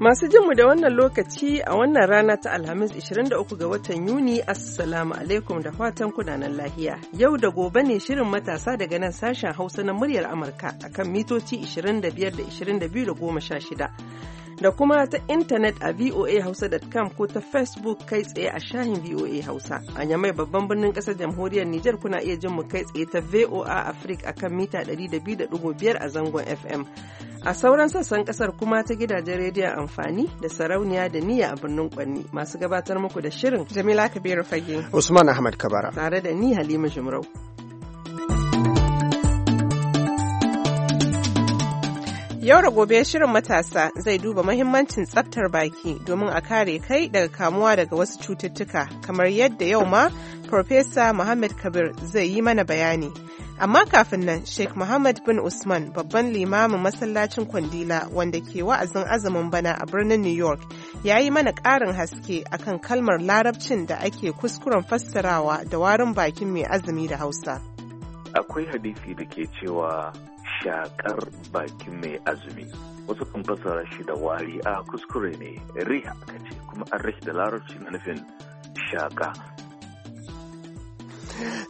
Masu jinmu da wannan lokaci a wannan rana ta Alhamis 23 ga watan Yuni, Assalamu alaikum da fatan kudanan lahiya. Yau da gobe ne shirin matasa daga nan sashen Hausa na muryar Amurka akan mitoci 25 da 22 da 16. da kuma ta intanet a voahausa.com ko ta facebook kai tsaye a shahin voa hausa a yamai babban birnin kasar jamhuriyar Nijar kuna iya jin mu kai tsaye ta voa africa akan mita 200.5 a zangon fm a sauran sassan kasar kuma ta gidajen rediyon amfani da sarauniya da niyya a birnin kwanni masu gabatar muku da shirin jamila kabiru fage usman ahmad kabara tare da ni halima jumrau Yau da gobe shirin matasa zai duba mahimmancin tsaftar baki domin a kare kai daga kamuwa daga wasu cututtuka kamar yadda yau ma Profesa Muhammad Kabir zai yi mana bayani. Amma kafin nan Sheikh Muhammad bin Usman babban limamin masallacin Kwandila wanda ke wa'azin azumin bana a birnin New York ya yi mana ƙarin haske akan kalmar larabcin da ake kuskuren fassarawa da warin bakin mai azumi da Hausa. Akwai hadisi da ke cewa shakar bakin mai azumi wasu kan fassara shi da wari a kuskure ne riha aka ce kuma an rashi da larabci na nufin shaka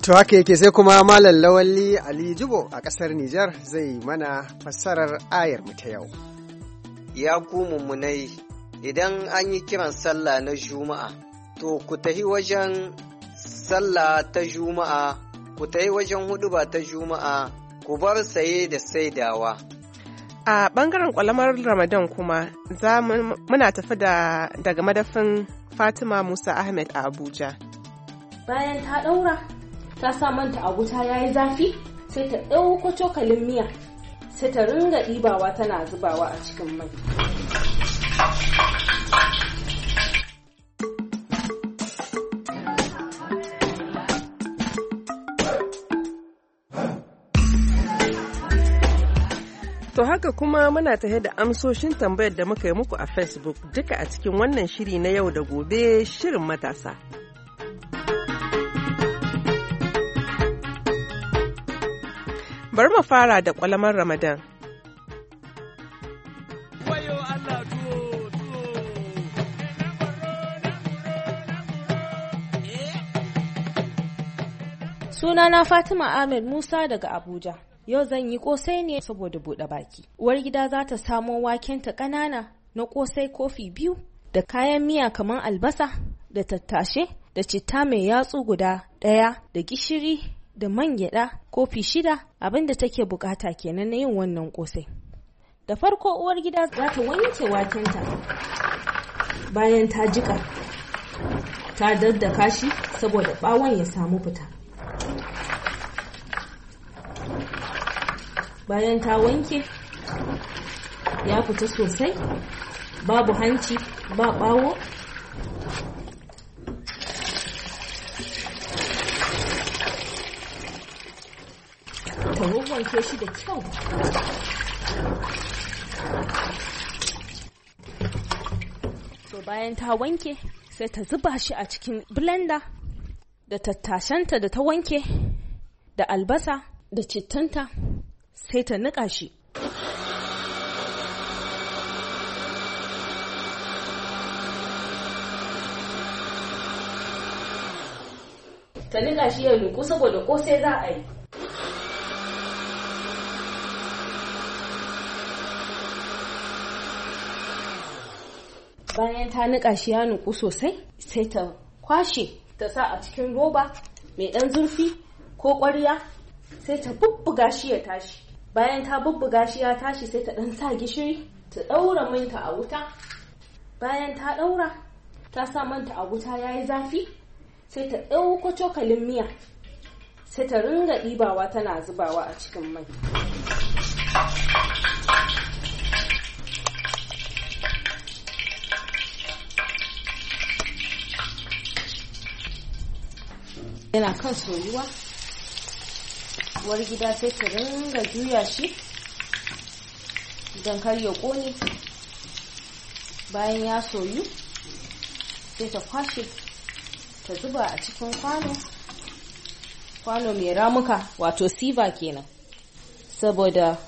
to haka yake sai kuma malam lawalli ali jibo a kasar nijar zai mana fassarar ayar mu ta yau ya ku mummunai idan an yi kiran sallah na juma'a to ku tahi wajen sallah ta juma'a ku tahi wajen hudu ta juma'a ku saye da saidawa. A ɓangaren ƙwalamar Ramadan kuma za muna tafi daga madafin Fatima Musa Ahmed a Abuja. Bayan ta ɗaura, ta sa manta a wuta ya yi zafi, sai ta ɗauko cokalin miya, sai ta ringa ɗibawa tana zubawa a cikin mai. To haka kuma muna tahe da amsoshin tambayar da muka yi muku a Facebook duka a cikin wannan shiri na yau da gobe shirin matasa. Bari mu fara da kwalamar Ramadan. Sunana Fatima Ahmed Musa daga Abuja. yau zan yi kosai ne saboda buɗe baki uwar gida za ta samo wakenta ƙanana na kosai kofi biyu da kayan miya kamar albasa da tattashe da citta mai yatsu guda ɗaya da gishiri da man gyaɗa kofi shida abinda take bukata kenan na yin wannan kosai da farko uwar gida za ta wanke wakenta bayan ta jika ta daddaka shi saboda bawon ya samu fita bayan ta wanke ya fita sosai babu hanci ba bawo ta wanke shi da kyau to bayan ta wanke sai ta zuba shi a cikin blender da tattashenta da ta wanke da albasa da cittanta sai ta niƙa shi ta niƙa shi ya nuku saboda ko sai za a yi bayan ta niƙa shi ya nuku sosai sai ta kwashe ta sa a cikin roba mai ɗan zurfi ko ƙwarya sai ta bubbuga shi ya tashi bayan ta bubbuga shi ya tashi sai ta ɗan sa gishiri ta ɗaura manta a wuta bayan ta ɗaura ta sa manta a wuta ya yi zafi sai ta ɗauko cokalin miya sai ta ringa ɗibawa tana zubawa a cikin mai yana kan soyuwa uwar gida sai ta ringa juya shi don kar ya ƙone bayan ya soyu sai ta kwashe ta zuba a cikin kwano kwano mai ramuka wato siva kenan saboda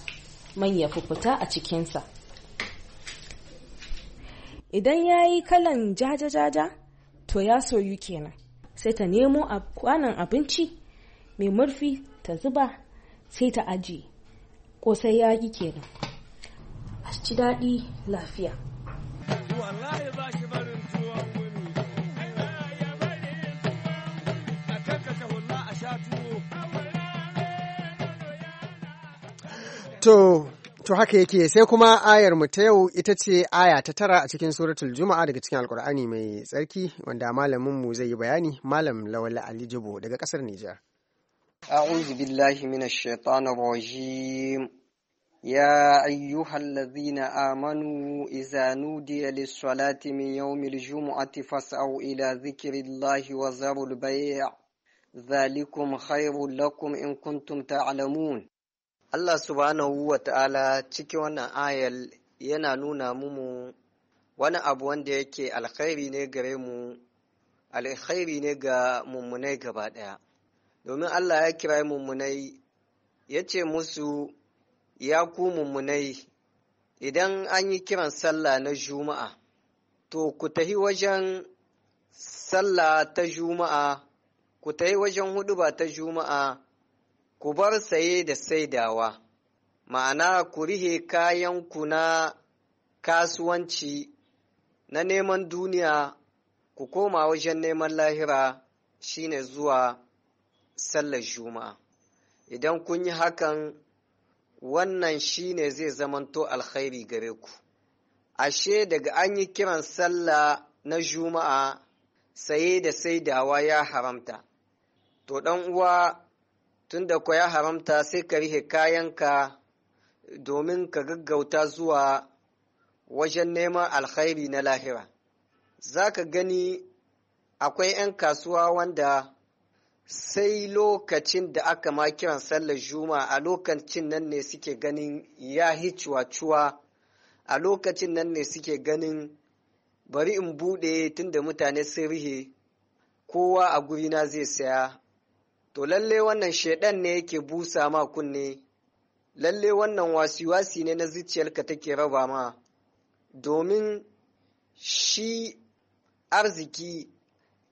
man ya fufuta a cikinsa idan ya yi kalan jaja-jaja to ya soyu kenan sai ta nemo a kwanon abinci mai murfi ta zuba sai ta aji sai ya yi kenan a ci daɗi lafiya to To haka yake sai kuma ayar mu ta yau ita ce aya ta tara a cikin suratul Juma'a daga cikin Alkur'ani mai tsarki wanda malamin mu zai yi bayani Malam Lawal Ali Jibo daga kasar Nijar. أعوذ بالله من الشيطان الرجيم يا أيها الذين آمنوا إذا نودي للصلاة من يوم الجمعة فاسعوا إلى ذكر الله وذروا البيع ذلكم خير لكم إن كنتم تعلمون الله سبحانه وتعالى cikin wannan ayal yana nuna mumu wani abu wanda yake alkhairi ne gare mu alkhairi ne domin Allah ya kira mummunai ya ce musu ya ku mummunai idan an yi kiran sallah na juma'a to ku tahi wajen sallah ta juma'a ku tahi wajen huduba ta juma'a ku bar saye da saidawa ma'ana ku rihe kayanku na kasuwanci na neman duniya ku koma wajen neman lahira shine zuwa sallar juma'a idan kun yi hakan wannan shine zai zamanto alkhairi gare ku ashe daga an yi kiran sallah na juma'a saye da saidawa ya haramta to ɗan uwa tun da ku ya haramta sai ka rihe kayanka domin ka gaggauta zuwa wajen neman alkhairi na lahira za ka gani akwai 'yan kasuwa wanda sai lokacin da aka ma kiran sallar juma a lokacin nan ne suke ganin ya cuwa a lokacin nan ne suke ganin bari in buɗe tunda mutane sun rihe kowa a gurina zai saya to lalle wannan shaidan ne yake busa ma kunne lalle wannan wasi-wasi ne na zuciyarka take raba ma domin shi arziki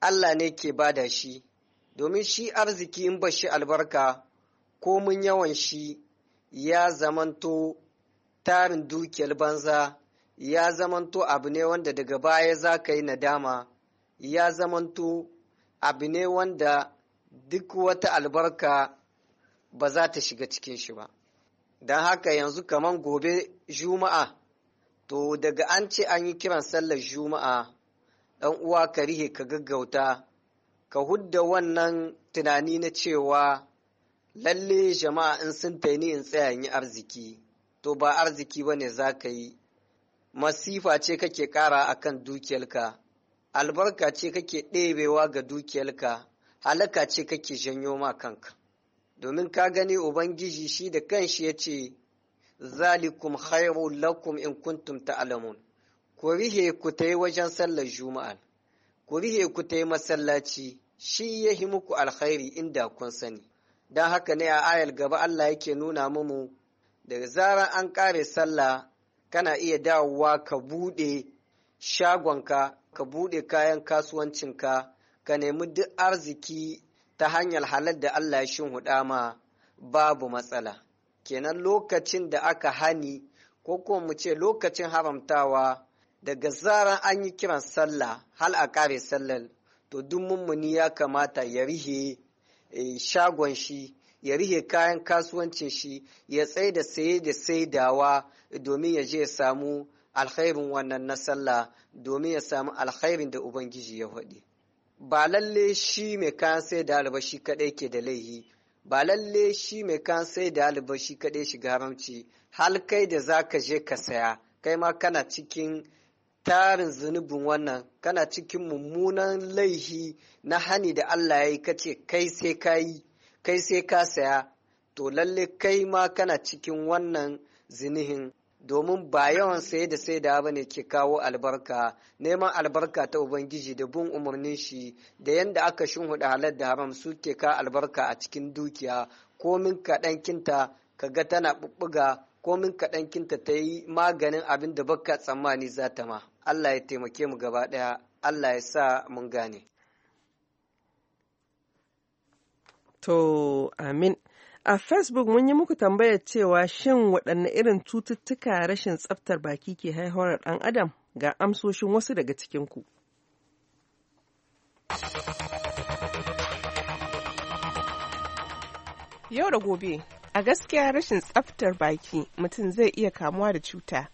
Allah ne ke bada shi domin shi arziki in ba shi albarka ko mun yawan shi ya zamanto tarin dukiyar banza ya zamanto abu ne wanda daga baya za ka yi nadama ya zamanto abu ne wanda duk wata albarka ba za ta shiga cikin shi ba don haka yanzu kamar gobe juma'a to daga an ce an yi kiran sallar juma'a ɗan uwa ka rihe ka gaggauta ka hudda wannan tunani na cewa lalle jama'a in sun taini in tsaya yi arziki to ba arziki ba ne za ka yi masifa ce kake kara akan dukiyarka albarka ce kake ɗebewa ga dukiyarka halaka ce kake janyo ma kanka domin ka gani ubangiji shi da kanshi ya ce zalikum khairul lakum in kuntum ta'lamun ku rihe ku ta yi wajen sallar juma'a ku rihe ku ta yi masallaci shi ya yi muku alkhairi inda kun sani don haka ne a ayar gaba Allah yake nuna mumu daga zarar an kare sallah kana iya dawowa ka buɗe shagonka ka buɗe kayan kasuwancinka ka nemi duk arziki ta hanyar halar da Allah ya shinhuɗa ma babu matsala kenan lokacin da aka hani ko kuma mu ce lokacin haramtawa daga zaran an yi kiran sallah hal a kare sallar to duk mummuni ya kamata ya rihe e, shagon shi ya rihe kayan kasuwancin shi ya tsaye da saye da saidawa domin ya je ya samu alkhairin wannan na sallah domin ya samu alkhairin da ubangiji ya faɗi ba lalle shi mai kayan sai da albashi kaɗai ke da laihi ba lalle shi mai kayan sai da albashi kaɗai shiga haramci hal kai da za ka je ka saya kai ma kana cikin tarin zunubin wannan kana cikin mummunan laihi na hani da Allah ya yi kace kai sai ka yi kai sai ka saya to lalle kai ma kana cikin wannan zinihin domin ba yawan saye da sai da ba ne ke kawo albarka neman albarka ta ubangiji da bin umarnin shi da yadda aka shimhuda halar da haram su ke ka albarka a cikin dukiya komin kaɗan kinta ka ga tana ɓuɓɓuga komin kaɗan kinta ta yi maganin abin da baka tsammani za ta ma. Allah ya taimake mu gaba ɗaya Allah ya sa mun gane to amin a facebook mun yi muku tambayar cewa shin waɗanne irin cututtuka rashin tsaftar baki ke haihuwar ɗan adam ga amsoshin wasu daga cikinku yau da gobe a gaskiya rashin tsaftar baki mutum zai iya kamuwa da cuta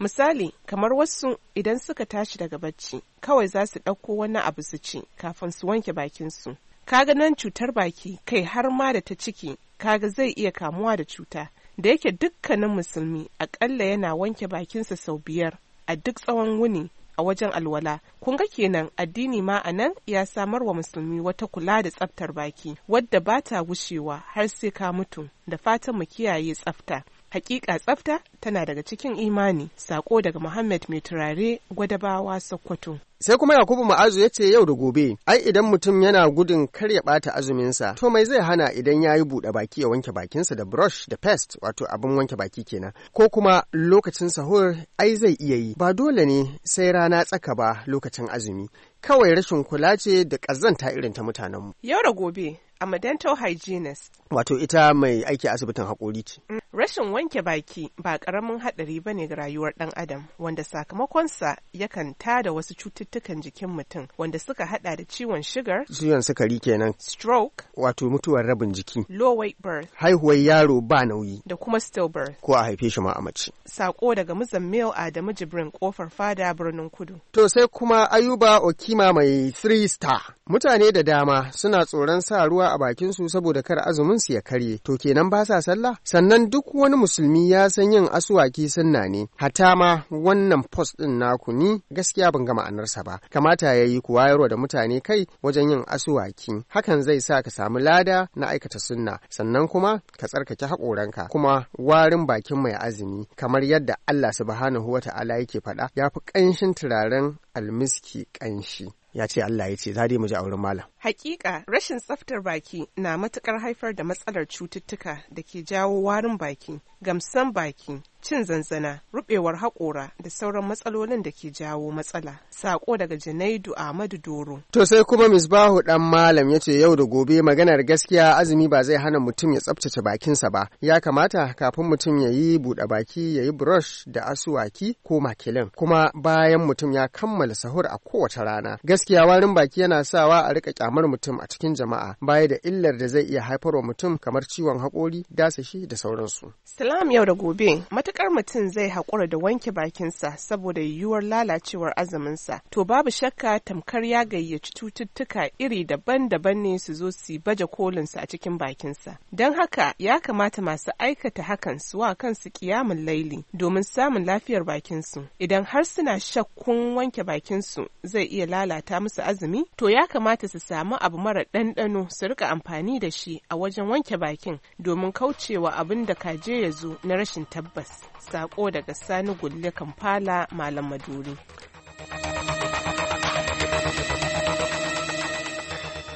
Misali, kamar wasu idan suka tashi daga bacci, kawai za su ɗauko wani abu su ci kafin su wanke bakinsu. Kaga nan cutar baki kai har ma da ta ciki, kaga zai iya kamuwa da cuta. Da yake dukkanin musulmi aƙalla yana wanke bakinsa sau biyar a duk tsawon wuni a wajen alwala. Kun ga kenan addini ma a nan ya samar wa musulmi wata kula da tsaftar baki wadda ba ta wushewa, har sai ka mutu da fatan mu kiyaye tsafta. Hakika tsafta tana daga cikin imani, sako daga Muhammad mai turare gwadabawa Sokoto. Sai kuma Yakubu Ma'azu ya ce yau da gobe, ai idan mutum yana gudun kar ya ɓata azuminsa, to mai zai hana idan ya yi buɗe baki ya wanke bakinsa da brush da pest wato abin wanke baki kenan, ko kuma lokacin sahur ai zai iya yi, ba dole ne sai rana tsaka ba lokacin azumi, kawai rashin kula ce da ƙazanta irin ta mutanenmu. Yau da gobe, a Madental Hygienist Wato ita mai aiki asibitin haƙori ce. Rashin wanke baki ba ƙaramin haɗari ba ne ga rayuwar ɗan adam wanda sakamakonsa yakan tada wasu cututtukan jikin mutum wanda suka haɗa da ciwon shigar. Ciwon sukari kenan. Stroke. Wato mutuwar rabin jiki. Low weight birth. Haihuwar yaro ba nauyi. Da kuma stillbirth. Ko a haife shi ma a mace. Sako daga Muzammil Adamu Jibrin kofar fada birnin kudu. To sai kuma Ayuba Okima mai 3 star. Mutane da dama suna tsoron sa ruwa a bakinsu saboda kar azumin su ya karye to kenan ba sa sallah sannan duk wani musulmi ya san yin asuwaki sunna ne hata ma wannan post din naku ni gaskiya ban ga ma'anarsa ba kamata ya yi yaro da mutane kai wajen yin asuwaki hakan zai sa ka samu lada na aikata sunna sannan kuma ka tsarkake haƙoranka kuma warin bakin mai azumi kamar yadda Allah subhanahu wata'ala yake faɗa ya fi ƙanshin turaren almiski ƙanshi ya ce Allah ya ce za mu ji auren malam. Hakika rashin tsaftar baki na matukar haifar da matsalar cututtuka da ke jawo warin baki, gamsan baki, cin zanzana, rubewar haƙora da sauran matsalolin da ke jawo matsala. Sako daga Janaidu Ahmadu Doro. To sai kuma Misbahu dan Malam ya ce yau da gobe maganar gaskiya azumi ba zai hana mutum ya tsaftace bakinsa ba. Ya kamata kafin mutum ya yi buɗe baki ya yi brush da asuwaki ko makilin. Kuma bayan mutum ya kammala sahur a kowace rana. Gaskiya warin baki yana sawa a rika kyamar mutum a cikin jama'a baya da illar da zai iya haifarwa mutum kamar ciwon haƙori, dasashi da sauransu. Salam yau da gobe. matukar mutum zai haƙura da wanke bakinsa saboda yiwuwar lalacewar azuminsa to babu shakka tamkar ya gayyaci cututtuka iri daban-daban ne su zo su baje kolinsa a cikin bakinsa don haka ya kamata masu aikata hakan su wa kansu kiyamun laili domin samun lafiyar bakinsu idan har suna shakkun wanke bakinsu zai iya lalata musu azumi to ya kamata su samu abu mara ɗanɗano su rika amfani da shi a wajen wanke bakin domin kaucewa abin da kaje ya zo na rashin tabbas. Sako daga Sani Gulle Kampala Malam Maduri.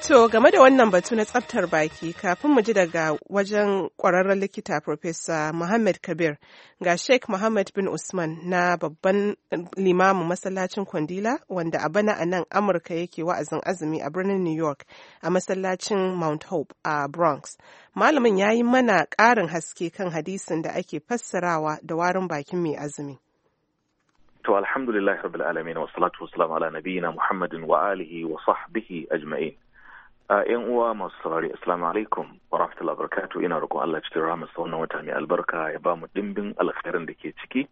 To game da wannan batu na tsabtar baki kafin mu ji daga wajen kwararren likita Profesa Muhammad Kabir ga Sheikh Muhammad bin Usman na babban limamin masallacin Kwandila wanda a bana a nan Amurka yake wa'azin azumi a birnin New York a masallacin Mount Hope a Bronx. Malamin ya yi mana ƙarin haske kan hadisin da ake fassarawa da warin bakin mai azumi. To alhamdulillah rabbil alamin wa salatu wa ala nabiyina Muhammadin wa alihi wa sahbihi ajma'in. Uh, yan uwa masu saurari assalamu alaikum wa rahmatullahi wa ina roƙon Allah cikin rahmat wannan wata mai albarka ya ba mu dimbin alkhairin da ke ciki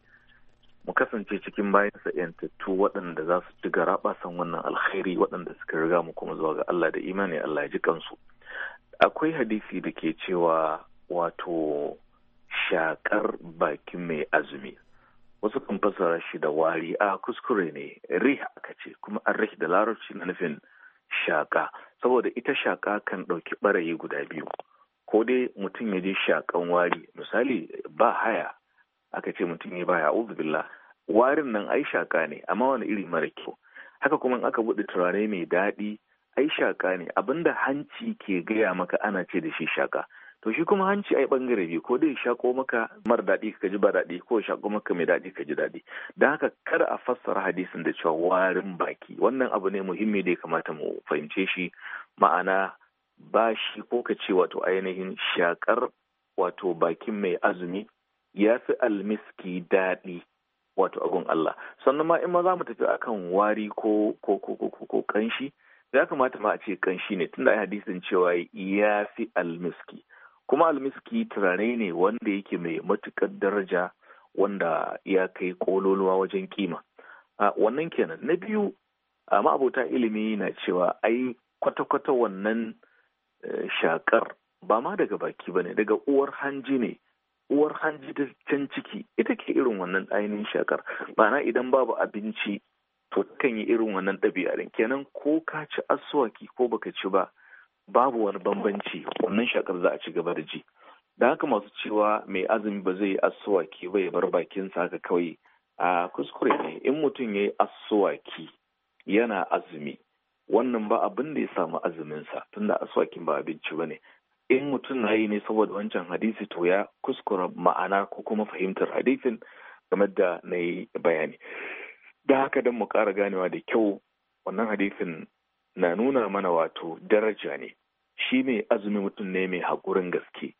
mu kasance cikin bayan sa tattu, waɗanda za su ji garaɓasan wannan alkhairi waɗanda suka riga mu kuma zuwa ga Allah da imani Allah ya ji kansu akwai hadisi da ke cewa wato shakar bakin mai azumi wasu kan fassara shi da wari a kuskure ne rih aka ce kuma an rih da larabci na nufin shaka saboda ita shaƙa kan ɗauki ɓarayi guda biyu ko dai mutum ya je shaƙan wari misali ba haya aka ce mutum ya baya uzubillah warin nan ai shaƙa ne amma wani iri mara kyau haka kuma in aka buɗe turare mai daɗi ai shaƙa ne abinda hanci ke gaya maka ana ce da shi shaƙa to shi kuma hanci ai bangare biyu ko dai shako maka mar daɗi ka ji ba daɗi ko shako maka mai daɗi ka ji daɗi don haka kada a fassara hadisin da cewa warin baki wannan abu ne muhimmi da ya kamata mu fahimce shi ma'ana ba shi ko ka ce wato ainihin shakar wato bakin mai azumi ya fi almiski daɗi wato agun Allah sannan ma in ma za mu tafi akan wari ko ko ko ko ko kanshi ya kamata ma a ce kanshi ne tunda ai hadisin cewa ya fi almiski kuma almiski turare ne wanda yake mai matukar daraja wanda ya kai kololuwa wajen kima wannan kenan na biyu a ma'abota ilimi na cewa ai kwata-kwata wannan e, shakar ba ma daga baki ba ne daga uwar hanji ne uwar hanji da can ciki ita ke irin wannan ainihin shakar na idan babu abinci to kan yi irin wannan ɗabi'arin kenan ko ka ci aswaki ko baka ci ba babu wani bambanci wannan shakar za a ci gaba da ji da haka masu cewa mai azumi ba zai yi asuwaki ba ya bar bakinsa haka kawai a kuskure ne in mutum ya yi asuwaki yana azumi wannan ba abin da ya samu azumin sa tunda asuwakin ba abinci ba ne in mutum na yi ne saboda wancan hadisi to ya kuskura ma'ana ko kuma fahimtar hadisin game da na yi bayani da haka don mu kara ganewa da kyau wannan hadisin na nuna mana wato daraja ne shi mai azumi mutum ne mai haƙurin gaske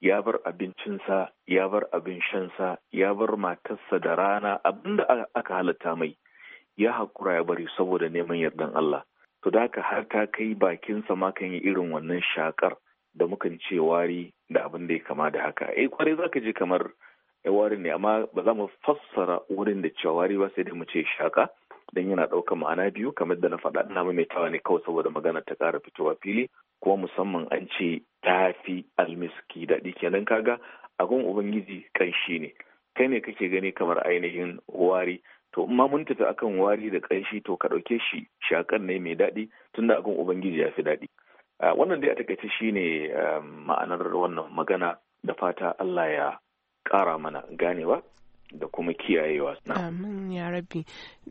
ya bar abincinsa ya bar abin shansa ya bar matarsa da rana abinda aka halatta mai ya haƙura ya bari saboda neman yardan Allah to da haka har ta kai bakinsa ma kan yi irin wannan shakar da mukan ce wari da abin da ya kama da haka eh kwarai zaka ji kamar eh, wari ne amma ba za mu fassara wurin da cewa wari ba sai da mu ce shaka don yana ɗaukar ma'ana biyu kamar da na faɗa ina maimaitawa ne kawai saboda magana ta ƙara fitowa fili kuma musamman an ce tafi almiski daɗi kenan kaga agon ubangiji ƙanshi ne kai ne kake gani kamar ainihin wari to in ma mun tafi akan wari da ƙanshi to ka ɗauke shi shakan ne mai daɗi tunda agon ubangiji ya fi daɗi wannan dai a takaice shi ne eh, ma'anar wannan magana da fata Allah ya ƙara mana ganewa da kuma kiyayewa. Amin ya rabbi.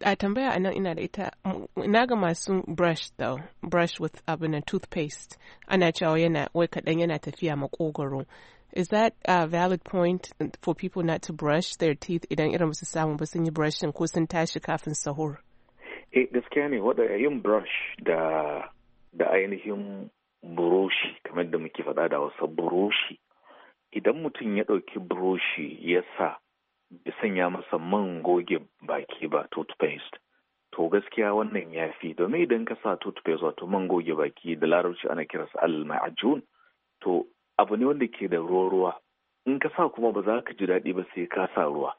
A tambaya a nan ina da ita, na ga masu brush da brush with abu na toothpaste, ana cewa yana wai kaɗan yana tafiya makogoro. Is that a valid point for people not to brush their teeth idan irin su samu ba sun yi brushing ko sun tashi kafin sahur? Eh gaskiya ne wada yin brush da da ainihin buroshi kamar da muke faɗa da wasu buroshi idan mutum ya ɗauki buroshi ya sa bai sanya masa man goge baki ba toothpaste to gaskiya wannan ya fi domin idan ka sa toothpaste wato man goge baki da larabci ana kiransa al-ma'ajun to abu ne wanda ke da ruwa ruwa in ka sa kuma ba za ka ji daɗi ba sai ka sa ruwa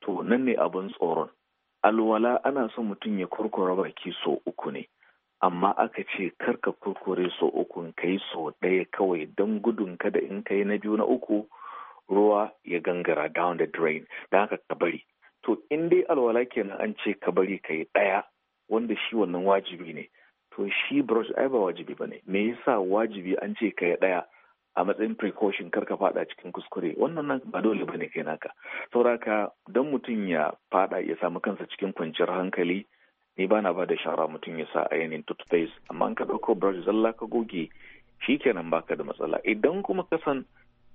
to nan ne abin tsoron alwala ana son mutum ya kurkura baki so uku ne amma aka ce karka kurkure so uku kai sau so ɗaya kawai don gudun kada in kai na biyu na uku ruwa ya gangara down the drain da haka ka bari to in dai alwala kenan an ce ka bari ka yi ɗaya wanda shi wannan wajibi ne to shi brush ai ba wajibi ba ne me yasa wajibi an ce ka yi ɗaya a matsayin precaution kar ka fada cikin kuskure wannan nan ba dole ne kai naka sauraka don mutum ya fada ya samu kansa cikin kwanciyar hankali ni ba na ba da shara mutum ya sa a toothpaste amma an ka ɗauko brush zalla ka goge shi kenan baka da matsala idan kuma ka san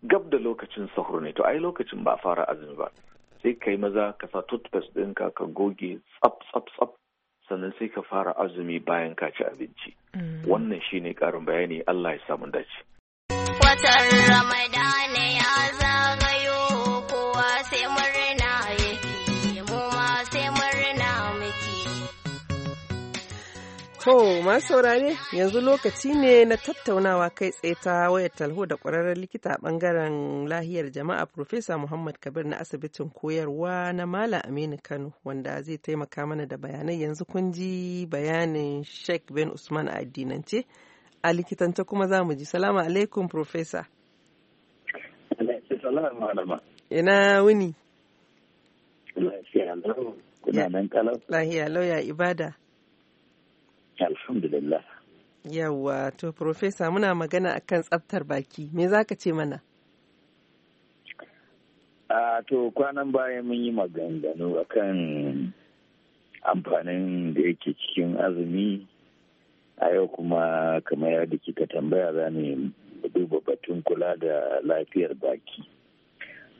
gab da lokacin sahur ne to ai lokacin ba fara azumi ba sai kai maza ka sa toothpaste ɗinka ka goge tsap-tsap-tsap, sannan sai ka fara azumi bayan ka ci abinci mm. wannan shine ƙarin bayani Allah ya samu dace watan Ramadan To, masu saurare yanzu lokaci ne na tattaunawa kai tsaye ta wayar talho da ƙwararren likita a ɓangaren lahiyar jama'a Profesa Muhammad Kabir na asibitin koyarwa na Malam Aminu Kano wanda zai taimaka mana da bayanai yanzu kun ji bayanin Sheikh Ben Usman a addinance a likitanta kuma za mu ji. Salamu alaikum Profesa. Ina wuni. Lahiya lauya ibada. alhamdulillah yawa to profesa muna magana akan tsaftar baki me za ka ce mana a to kwanan baya mun yi maganganu akan amfanin da yake cikin azumi a yau kuma kamar yadda kika tambaya za ne duba batun kula da lafiyar baki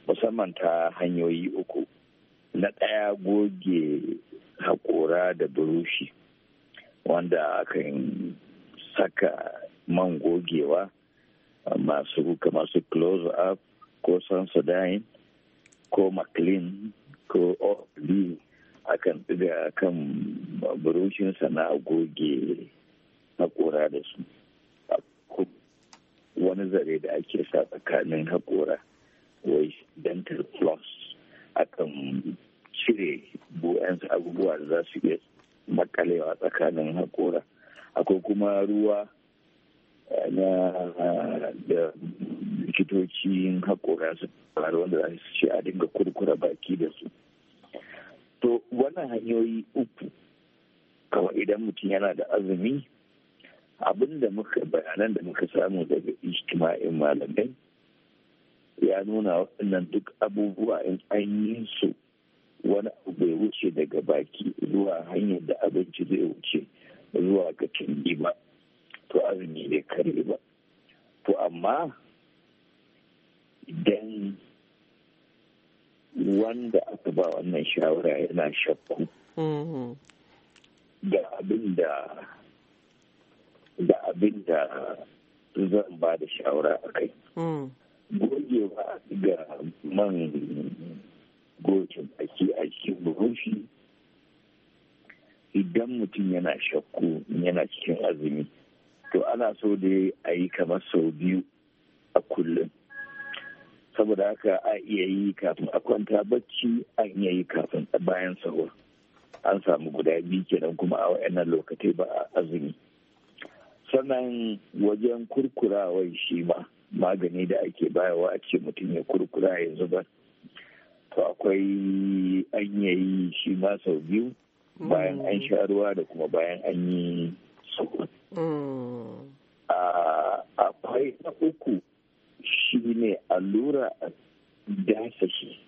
musamman ta hanyoyi uku na ɗaya goge haƙora da burushi wanda kan saka man gogewa masu kamar su close up ko sansodine ko maclean ko orly akan ɗiga kan burushin na goge haƙora da su wani zare da ake sa tsakanin haƙora wai dental floss akan cire bu'ansu abubuwa da za su iya kalewa tsakanin hakora akwai kuma ruwa eh, na eh, da likitocin hakora su faru wanda za su ce a dinga kurkura baki da su to wannan hanyoyi uku kawai idan mutum yana da azumi abin da muka bayanan da muka samu daga ijtima'in malamai ya nuna waɗannan duk abubuwa in an yi su wani abu ya wuce daga baki zuwa hanyar da abinci zai wuce zuwa ga ba to azumi ne kare ba to amma idan wanda aka ba wannan shawara yana shakku mm-hmm. da abin da da abin da zan ba da shawara a kai mm. gogewa ga man Gokin baki a cikin buhunshi idan mutum yana shakku yana cikin azumi to ana so da a yi kamar sau biyu a kullum saboda haka a iya yi kafin a kwanta bacci an iya yi kafin a bayan sahur an samu guda biyu kenan kuma a wayannan lokacin ba a azumi sannan wajen kurkurawa shi ba, magani da ake bayarwa a ce mutum ya kurkura ya zubar to akwai an yayi shi ma sau biyu bayan an sha da kuma bayan an yi mm. Akwai na uku shi ne allura a dasa shi.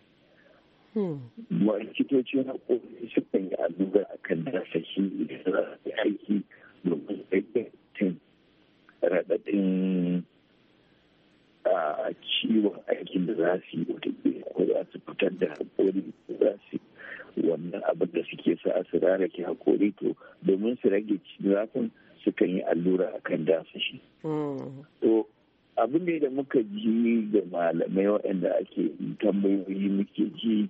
Hmm. Likitocin su sukan yi allura a kan dasa shi idan za su aiki domin aikin raɗaɗin A ciwon aikin da za su yi wata ko za su fitar da haƙori za su wannan abin da suke sa a su rarake haƙori to domin su rage zafin sukan yi allura a kan dasa shi. To abin ne da muka ji ga malamai waɗanda ake tambayoyi muke ji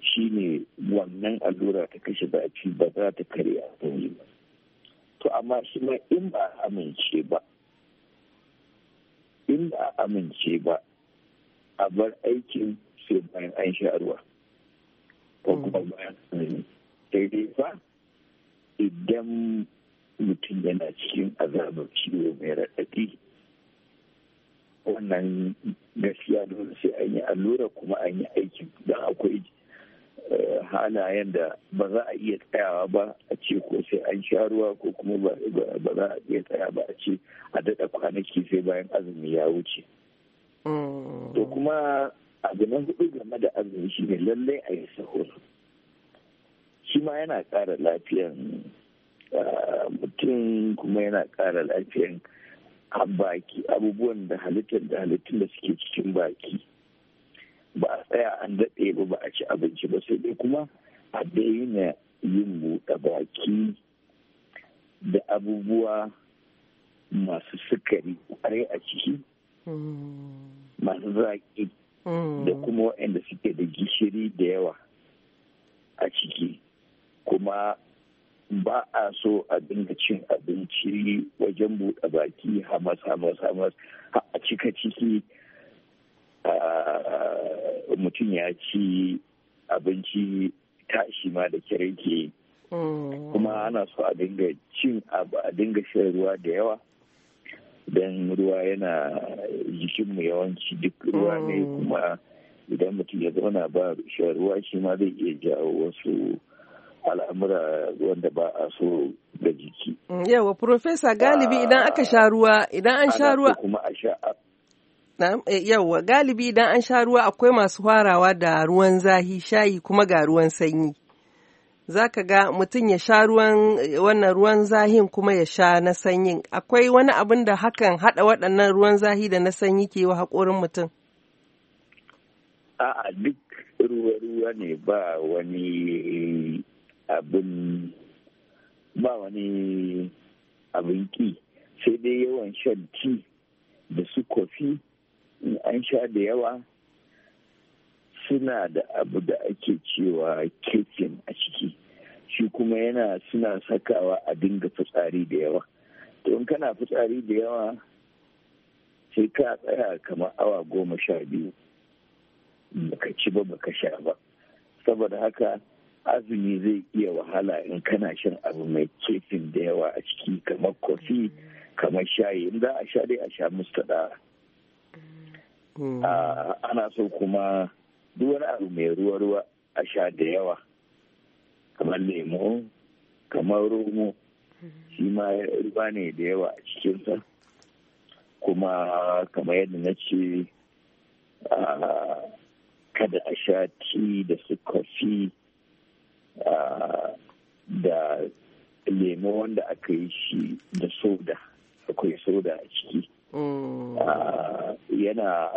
shi ne wannan allura ta kashe baci ba za ta karya ba. To amma shi ma in ba a amince ba in ba a amince ba a bar aikin sai bayan an sha ko hmm. kuma bayan sai dai fa idan mutum yana cikin azabar ciwo mai raɗaɗi wannan gaskiya dole sai an yi allura kuma an yi aikin don akwai Eh, halayen da ba za a iya tsayawa ba a ce ko sai an sha ruwa ko kuma ba za a iya tsaya ba a ce a daɗa kwanaki sai bayan azumi ya wuce. Mm. To kuma abu na hudu game da azumi shi ne lallai a yi sahur. Shi ma yana ƙara lafiyan ah, mutum kuma yana ƙara lafiyan baki abubuwan da halittar da halittun da suke cikin baki. ba a tsaya an daɗe ba ba a ci abinci ba sai dai kuma a daina yin buɗe baki da abubuwa masu sukari kwarai a ciki masu zaƙi da mm. kuma waɗanda suke da gishiri da yawa a ciki kuma ba a so a dinga cin abinci wajen buɗe baki hamas hamas hamas a cika ciki mutum ya ci abinci tashi ma da kyar yi mm. kuma ana so a dinga cin abu a dinga shan ruwa da yawa don ruwa yana jikinmu yawanci duk ruwa ne mm. kuma idan mutum ya zauna ba shan ruwa shi ma zai iya jawo wasu al'amura wanda ba a so da jiki. Mm, yawa, Profesa galibi idan aka sha ruwa, idan an sha ruwa. kuma a Eh, yauwa galibi idan an sha ruwa akwai masu harawa da ruwan zahi shayi kuma ga ruwan sanyi. Za ka ga mutum ya sha ruwan eh, wannan ruwan zahin kuma ya sha na sanyin. Akwai wani abin da hakan haɗa waɗannan ruwan zahi da na sanyi ke wa haƙorin mutum? A'a duk ruwa-ruwa ne ba wani eh, abin ba wani abin ki sai dai yawan shan ti da su kofi an sha da yawa suna da abu da ake cewa kefin a ciki shi kuma yana suna sakawa a dinga fitsari da yawa to in kana fitsari da yawa sai ka tsaya kamar awa goma sha biyu baka ci ba baka sha ba saboda haka azumi zai iya wahala in kana shan abu mai kefin da yawa a ciki kamar kofi kamar shayi in za a sha dai a sha musta da Mm. Ah, ana so kuma duk wani abu mai ruwa-ruwa a sha da yawa kamar lemo kamar romo shi ma ruwa ne da yawa a cikinsa kuma kamar yadda na ce ah, kada a sha ti da su kofi ah, da lemo wanda aka yi shi da soda akwai soda a ciki Mm. Ah, yana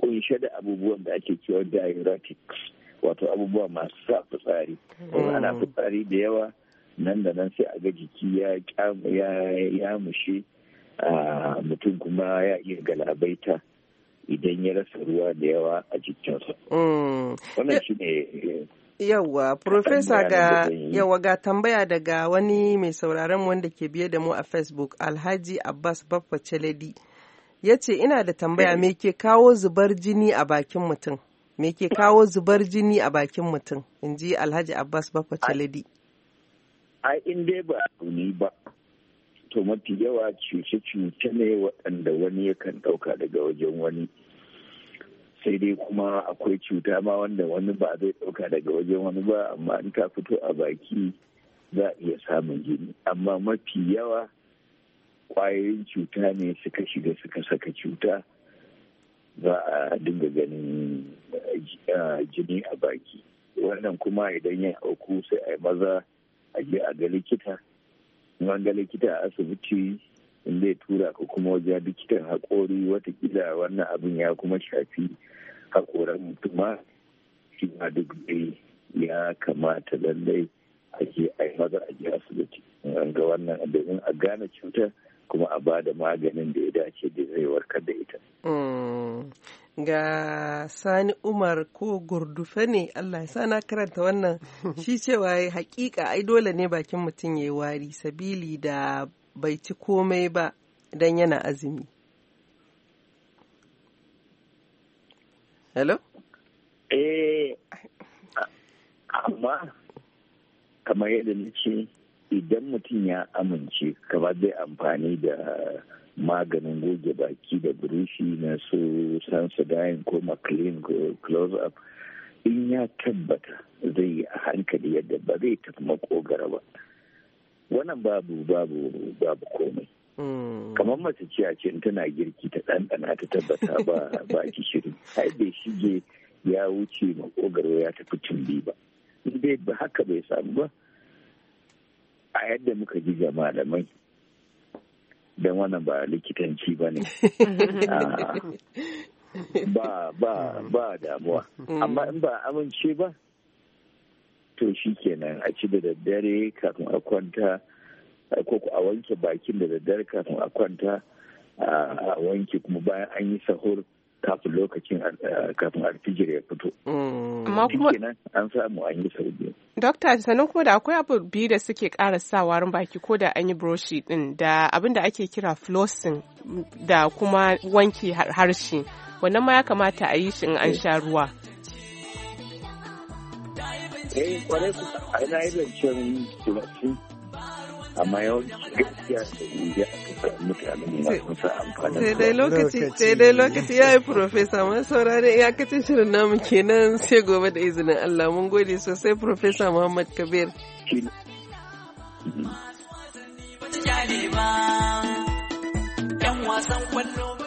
kunshe da abubuwan da ake cewa diuretics wato abubuwa masu sa fitsari mm. ana fitsari da yawa nan da nan sai a ga jiki ya mushe ah, mutum kuma ya iya galabaita idan ya rasa ruwa da yawa a jikinsa mm. wannan eh, shi ne eh, Yawwa, Profesa ga yawwa ga tambaya daga wani mai sauraron wanda ke biye da mu a Facebook, Alhaji Abbas Baffa Chaledi. Ya ce, ina da tambaya me ke kawo zubar jini a bakin mutum? Me ke kawo zubar jini a bakin mutum? In ji Alhaji Abbas Baffa Chaledi. Ai, in dai ba ni ba, to mafi yawa cuce-cuce ne waɗanda wani yakan ɗauka daga wajen wani. sai dai kuma akwai cuta ma wanda wani ba zai ɗauka daga wajen wani ba amma in ta fito a baki za a iya samun jini amma mafi yawa kwayoyin cuta ne suka shiga suka saka cuta za a dinga ganin eh, jini a baki wannan kuma idan ya auku sai a yi maza a je a ga likita in an ga likita a asibiti in zai tura ko kuma wajen likitan haƙori watakila wannan abin ya kuma shafi haƙoran mutuma shi ma duk dai ya kamata lallai ake ai maza a ji asibiti ga wannan domin a gane cutar kuma a ba da maganin da ya dace da zai warkar da ita. Mm. Ga Sani Umar ko gurdufe ne Allah ya sa na karanta wannan shi cewa hakika ai dole ne bakin mutum ya yi wari sabili da bai ci komai ba don yana azumi. Hello? Eh, amma kamar yadda nace idan mutum ya amince kama zai amfani da maganin goge baki da burushi na su sansodyne ko maclean ko close up in ya tabbata zai yi a hankali yadda ba zai tafi makogara ba. wannan babu babu babu komai mm. kamar mace ce a ce tana girki ta ɗanɗana ta tabbata ba ba gishiri ai bai shige ya wuce ma makogaro ya tafi tumbi ba bai ba haka bai samu ba a yadda muka ji ga malamai don wannan ba likitanci ba ne ah, ba ba ba damuwa mm. amma in ba amince ba to shi kenan a ci da daddare kafin a kwanta ko a wanke bakin da daddare kafin a kwanta a wanke kuma bayan an yi sahur kafin lokacin kafin alfijir ya fito. Mm. Amma kuma an samu an yi sauki. Dokta sannan kuma da akwai abu biyu da suke ƙara sa warin baki ko da an yi broshi din da abin da ake kira flossing da kuma wanke harshe. Wannan ma ya kamata a yi shi in an eh. sha ruwa. eh kwarai ku ai na yi zancen turanci amma yawanci da indiya aka sa mutane ne masu sai dai lokaci sai dai lokaci yayi shirin namu kenan sai gobe da izinin Allah mun gode sosai Profesa Muhammad Kabir Yan wasan